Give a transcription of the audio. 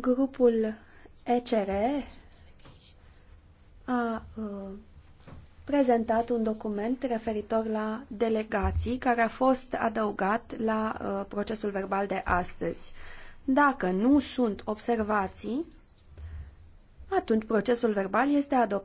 Grupul ECR a uh, prezentat un document referitor la delegații care a fost adăugat la uh, procesul verbal de astăzi. Dacă nu sunt observații, atunci procesul verbal este adoptat.